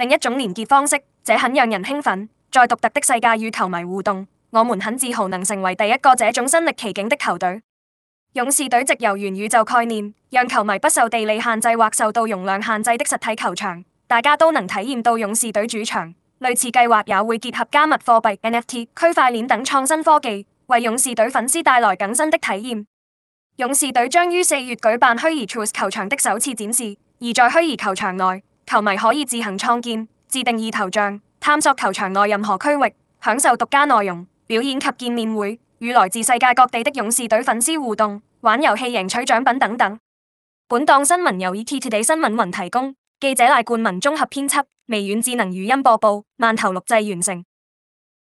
另一種連結方式，這很讓人興奮，在獨特的世界與球迷互動。我們很自豪能成為第一個這種身歷其境的球隊。勇士隊藉由元宇宙概念，讓球迷不受地理限制或受到容量限制的實體球場，大家都能體驗到勇士隊主場。類似計劃也會結合加密貨幣、NFT、區塊鏈等創新科技，為勇士隊粉絲帶來更新的體驗。勇士隊將於四月舉辦虛擬 Truist 球場的首次展示，而在虛擬球場內。球迷可以自行創建、自定義頭像、探索球場內任何區域、享受獨家內容、表演及見面會，與來自世界各地的勇士隊粉絲互動、玩遊戲、贏取獎品等等。本檔新聞由 ETtoday 新聞雲提供，記者賴冠文綜合編輯，微軟智能語音播報，慢頭錄製完成。